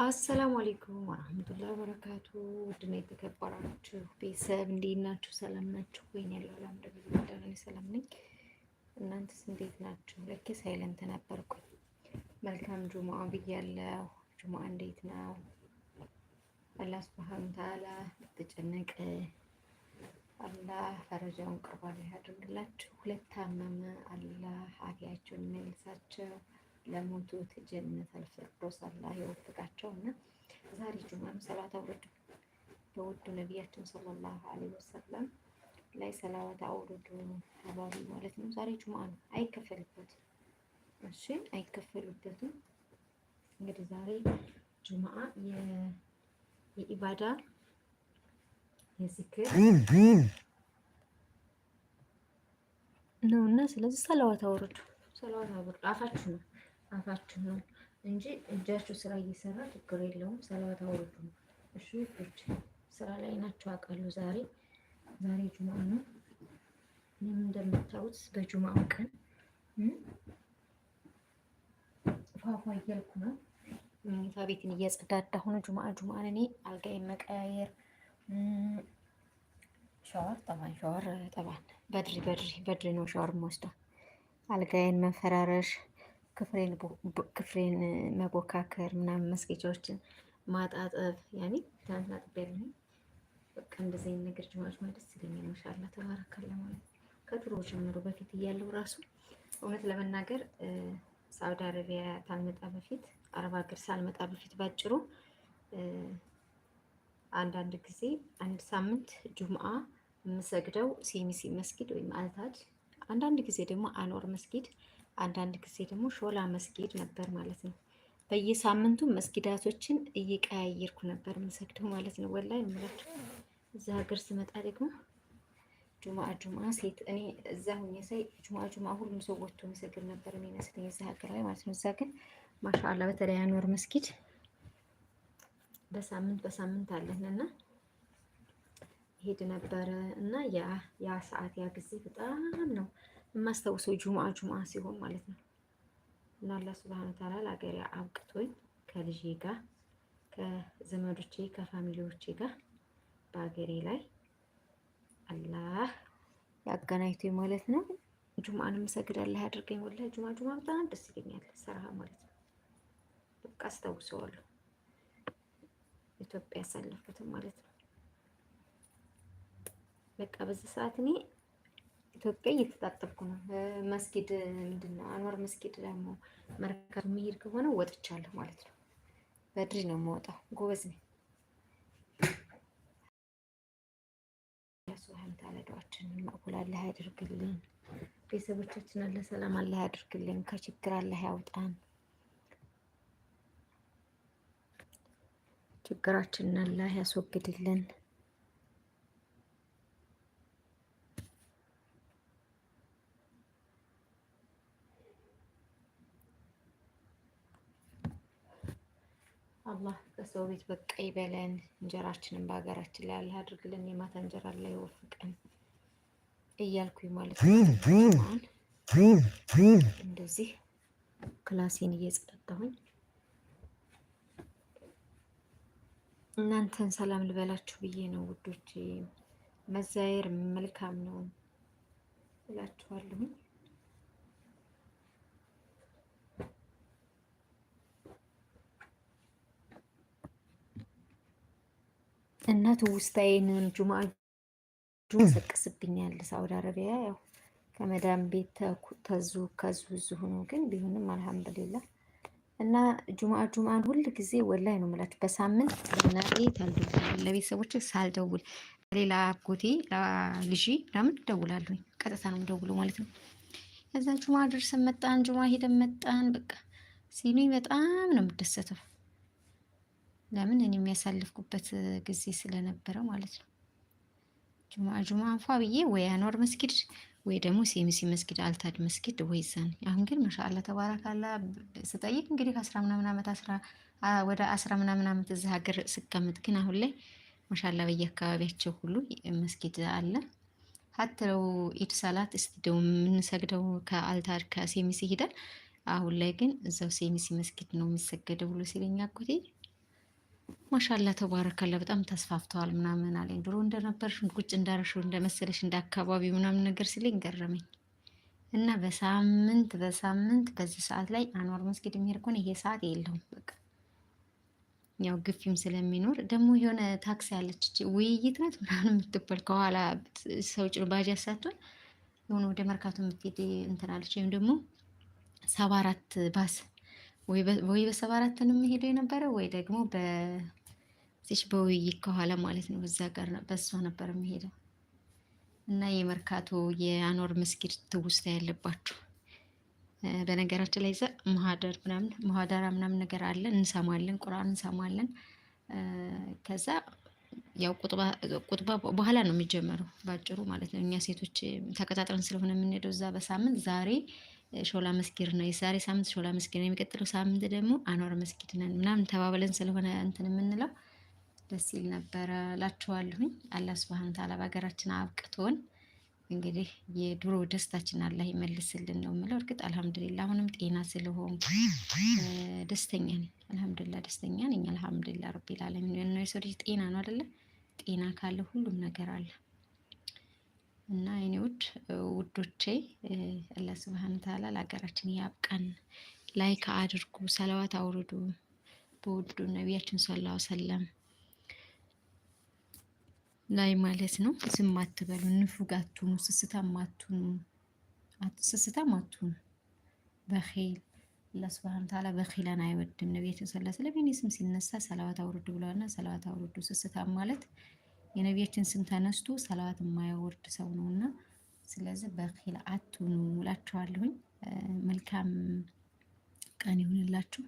አሰላሙ አሌይኩም ወረህመቱላሂ ወበረካቱ። ውድና የተከበራችሁ ቤተሰብ እንዴት ናችሁ? ሰላም ናችሁ ወይ? ያለው አልሐምዱሊላህ ሰላም ነኝ። እናንተስ እንዴት ናችሁ? ለኬ ሳይለንት ነበርኩኝ። መልካም ጁሙአ ብያለሁ። ጁሙአ እንዴት ነው? አላህ ሱብሃነሁ ወተዓላ የተጨነቀ አላህ ፈረጃውን ቅርባ ላይ ያድርግላችሁ። ሁለት ታመመ አላህ አፊያቸውን ይመልሳቸው። ለሞቱት ጀነት አልፈርዶስ አላህ የወፍቃቸው እና ዛሬ ጁማ ነው። ሰላት አውርዱ በውዱ ነቢያችን ሰለላሁ ዐለይሂ ወሰለም ላይ ሰላዋት አውርዱ ተባሉ ማለት ነው። ዛሬ ጁማ ነው፣ አይከፈልበትም። እሺ አይከፈልበትም። እንግዲህ ዛሬ ጁማ የኢባዳ የዚክር ነው እና ስለዚህ ሰላዋት አውርዱ፣ ሰላዋት አውርዱ አፋችሁ ነው አፋችሁ ነው እንጂ እጃችሁ ስራ እየሰራ ችግር የለውም። ሰላት አውርዱ። እሺ እጅ ስራ ላይ ናቸው አውቃለሁ። ዛሬ ዛሬ ጁማ ነው። እኔም እንደምታዩት በጁምአው ቀን ፏፏ እያልኩ ነው። መኝታ ቤትን እየጸዳዳሁ ነው። ጁማ ጁምአን እኔ አልጋዬ መቀያየር ሸዋር ጠባን ሸዋር ጠባን በድሪ በድሪ በድሪ ነው ሸዋር የምወስደው አልጋዬን መፈራረሽ ክፍሬን መቦካከር ምናምን መስጌጫዎችን ማጣጠብ ያኔ ትናንትና ጥቤያለሁ። በቃ እንደዚህ አይነት ነገር ጅማች ማለት ስለሚል ማሻአላ ተባረከለ ማለት ከድሮ ጀምሮ በፊት እያለው ራሱ እውነት ለመናገር ሳውዲ አረቢያ ታልመጣ በፊት አረብ ሀገር ሳልመጣ በፊት ባጭሩ አንዳንድ ጊዜ አንድ ሳምንት ጁምአ የምሰግደው ሲሚሲ መስጊድ ወይም አልታድ፣ አንዳንድ ጊዜ ደግሞ አኖር መስጊድ አንዳንድ ጊዜ ደግሞ ሾላ መስጊድ ነበር ማለት ነው። በየሳምንቱ መስጊዳቶችን እየቀያየርኩ ነበር የምንሰግደው ማለት ነው። ወላሂ የምላችሁ እዛ ሀገር ስመጣ ደግሞ ጁማ ጁማ ሴት እኔ እዛ ሁኜ ሳይ ጁማ ጁማ ሁሉም ሰው ወጥቶ የሚሰግድ ነበር የሚመስለኝ እዛ ሀገር ላይ ማለት ነው። እዛ ግን ማሻአላ በተለይ አንዋር መስጊድ በሳምንት በሳምንት አለን እና ሄድ ነበረ እና ያ ያ ሰዓት ያ ጊዜ በጣም ነው የማስታውሰው ጁምአ ጁምአ ሲሆን ማለት ነው። እና አላህ ሱብሃነ ወተዓላ ለአገሬ አብቅቶኝ ከልጄ ጋር ከዘመዶቼ ከፋሚሊዎቼ ጋር በአገሬ ላይ አላህ ያገናኝቶኝ ማለት ነው። ጁምአን የምሰግድ ያድርገኝ። ወላሂ ጁምአ ጁምአ በጣም ደስ ይለኛል። ሰራህ ማለት ነው። በቃ አስታውሰዋለሁ። ኢትዮጵያ ያሳለፍኩትም ማለት ነው። በቃ በዚህ ሰዓት እኔ ኢትዮጵያ እየተጣጠብኩ ነው። መስጊድ ምንድን ነው አንዋር መስጊድ ደግሞ መርካቶ የሚሄድ ከሆነ ወጥቻለሁ ማለት ነው። በድሪ ነው የምወጣው። ጎበዝ ነኝ። ሱብሃን ተዓላ ዱዓችንን መቅቡል አላህ ያድርግልን። ቤተሰቦቻችን አለ ሰላም አላህ ያድርግልን። ከችግር አላህ ያውጣን። ችግራችንን አላህ ያስወግድልን። አላህ ከሰው ቤት በቃ ይበለን። እንጀራችንን በሀገራችን ላይ አላህ አድርግልን። የማታ እንጀራ ላይ ወፍቀን እያልኩኝ ማለት እንደዚህ ክላሴን እየጸጠጣሁኝ እናንተን ሰላም ልበላችሁ ብዬ ነው ውዶች። መዛየር መልካም ነው እላችኋለሁኝ። እናቱ ውስጣዬንን ጁማ ሰቅስብኛል። ሳውዲ አረቢያ ያው ከመዳም ቤት ተዙ ከዙ ዙ ሆኖ ግን ቢሆንም አልሐምዱሊላ እና ጁማ ጁማን ሁል ጊዜ ወላይ ነው የምላችሁ በሳምንት እናቴ ታልደውል ለቤተሰቦች ሳልደውል ሌላ አጎቴ ልጅ ለምን ደውላለሁኝ። ቀጥታ ነው ደውሎ ማለት ነው። ከዛ ጁማ ድርሰን መጣን፣ ጁማ ሄደን መጣን። በቃ ሲኒ በጣም ነው የምደሰተው። ለምን እኔ የሚያሳልፍኩበት ጊዜ ስለነበረ ማለት ነው። ጁማ ጁማ እንኳ ብዬ ወይ አኗር መስጊድ ወይ ደግሞ ሴሚሲ መስጊድ፣ አልታድ መስጊድ ወይ ዘን። አሁን ግን ማሻአላ ተባረካላ ስጠይቅ እንግዲህ ከአስራ ምናምን ዓመት ወደ አስራ ምናምን ዓመት እዚህ ሀገር ስቀምጥ ግን አሁን ላይ ማሻላ አካባቢያቸው ሁሉ መስጊድ አለ። ሀት ኢድ ሰላት እስቲ የምንሰግደው ከአልታድ ከሴሚሲ ሂደን፣ አሁን ላይ ግን እዛው ሴሚሲ መስጊድ ነው የሚሰገደው ብሎ ሲለኝ አጎቴ ማሻላ ተባረከለ በጣም ተስፋፍተዋል ምናምን አለኝ። ድሮ እንደነበርሽ ቁጭ እንዳረሽ እንደመሰለሽ እንደ አካባቢ ምናምን ነገር ሲለኝ ገረመኝ እና በሳምንት በሳምንት በዚህ ሰዓት ላይ አንዋር መስጊድ የሚሄድ ከሆነ ይሄ ሰዓት የለውም። በቃ ያው ግፊም ስለሚኖር ደግሞ የሆነ ታክሲ ያለች ውይይት ናት ምናምን የምትበል ከኋላ ሰው ጭን ባጃጅ ሳትሆን የሆነ ወደ መርካቶ የምትሄድ እንትናለች ወይም ደግሞ ሰባ አራት ባስ ወይ በሰባ አራት ነው የሚሄደው የነበረው ወይ ደግሞ በዚች በውይይት ከኋላ ማለት ነው በዛ ጋር በሷ ነበር የሚሄደው እና የመርካቶ የአኖር መስጊድ ትውስታ ያለባችሁ በነገራችን ላይ እዛ መሀደር ምናምን መሀደራ ምናምን ነገር አለ እንሰማለን፣ ቁርአን እንሰማለን። ከዛ ያው ቁጥባ በኋላ ነው የሚጀመረው፣ ባጭሩ ማለት ነው። እኛ ሴቶች ተቀጣጥረን ስለሆነ የምንሄደው እዛ በሳምንት ዛሬ ሾላ መስጊድ ነው። የዛሬ ሳምንት ሾላ መስጊድ ነው። የሚቀጥለው ሳምንት ደግሞ አኗር መስጊድ ነን ምናምን ተባብለን ስለሆነ እንትን የምንለው ደስ ይል ነበረ ላችኋለሁኝ። አላህ ስብሐነ ተዓላ በሀገራችን አብቅቶን እንግዲህ የድሮ ደስታችን አላህ ይመልስልን ነው የምለው። እርግጥ አልሐምዱሊላ አሁንም ጤና ስለሆን ደስተኛ ነኝ። አልሐምዱሊላ ደስተኛ ነኝ። አልሐምዱሊላ ረቢል ዓለሚን ነው። የሰው ልጅ ጤና ነው አደለ? ጤና ካለ ሁሉም ነገር አለ። እና የኔ ውድ ውዶቼ አላህ ስብሐነ ተዓላ ለሀገራችን ያብቃን። ላይክ አድርጉ፣ ሰለዋት አውርዱ በውዱ ነቢያችን ሰለላሁ ሰለም ላይ ማለት ነው። ዝም አትበሉ፣ ንፉግ አትሁኑ፣ ስስታም አትሁኑ፣ በኺል አላህ ስብሐነ ተዓላ በኺላን አይወድም። ነቢያችን ሰለላሁ ሰለም የኔ ስም ሲነሳ ሰለዋት አውርዱ ብለዋልና ሰለዋት አውርዱ። ስስታም ማለት የነቢያችን ስም ተነስቶ ሰላዋት የማያወርድ ሰው ነው እና ስለዚህ በኪል አትኑ እላችኋለሁኝ። መልካም ቀን ይሁንላችሁ።